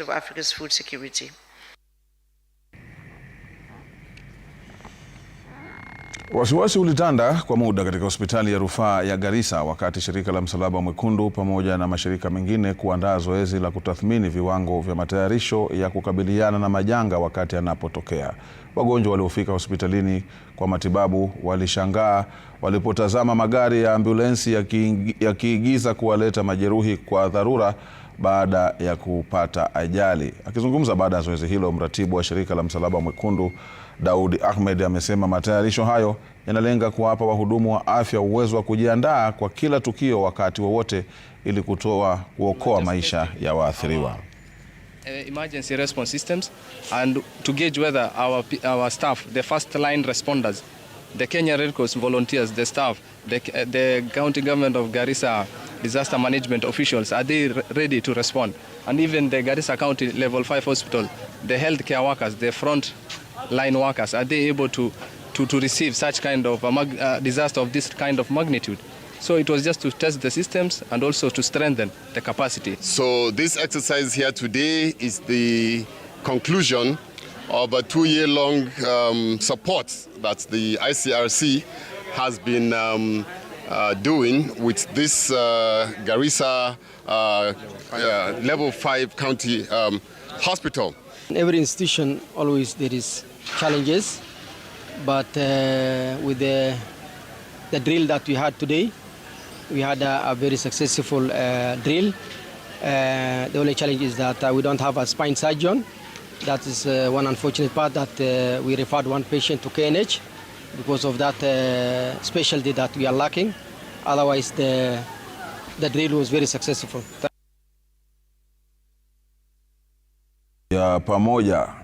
of Africa's food security. Wasiwasi ulitanda kwa muda katika hospitali ya rufaa ya Garissa wakati shirika la Msalaba Mwekundu pamoja na mashirika mengine kuandaa zoezi la kutathmini viwango vya matayarisho ya kukabiliana na majanga wakati yanapotokea. Wagonjwa waliofika hospitalini kwa matibabu walishangaa walipotazama magari ya ambulensi yakiigiza kuwaleta majeruhi kwa dharura baada ya kupata ajali. Akizungumza baada ya zoezi hilo, mratibu wa shirika la Msalaba Mwekundu Daudi Ahmed amesema matayarisho hayo yanalenga kuwapa wahudumu wa afya uwezo wa kujiandaa kwa kila tukio wakati wowote wa ili kutoa kuokoa maisha ya waathiriwa. Eh, emergency response systems and to gauge whether our, our staff, the first line responders, the Kenya Red Cross volunteers, the staff, the, eh, the county government of Garissa disaster management officials, are they ready to respond? And even the Garissa County Level 5 hospital, the healthcare workers, the front line workers, are they able to, to, to receive such kind of a, eh, disaster of this kind of magnitude? So it was just to test the systems and also to strengthen the capacity. So this exercise here today is the conclusion of a two-year-long um, support that the ICRC has been um, uh, doing with this uh, Garissa uh, uh level 5 county um, hospital. every institution always there is challenges, but uh, with the, the drill that we had today, we had a, a very successful uh, drill. Uh, the only challenge is that uh, we don't have a spine surgeon. That is uh, one unfortunate part that uh, we referred one patient to KNH because of that uh, specialty that we are lacking. Otherwise, the, the drill was very successful. Ya pamoja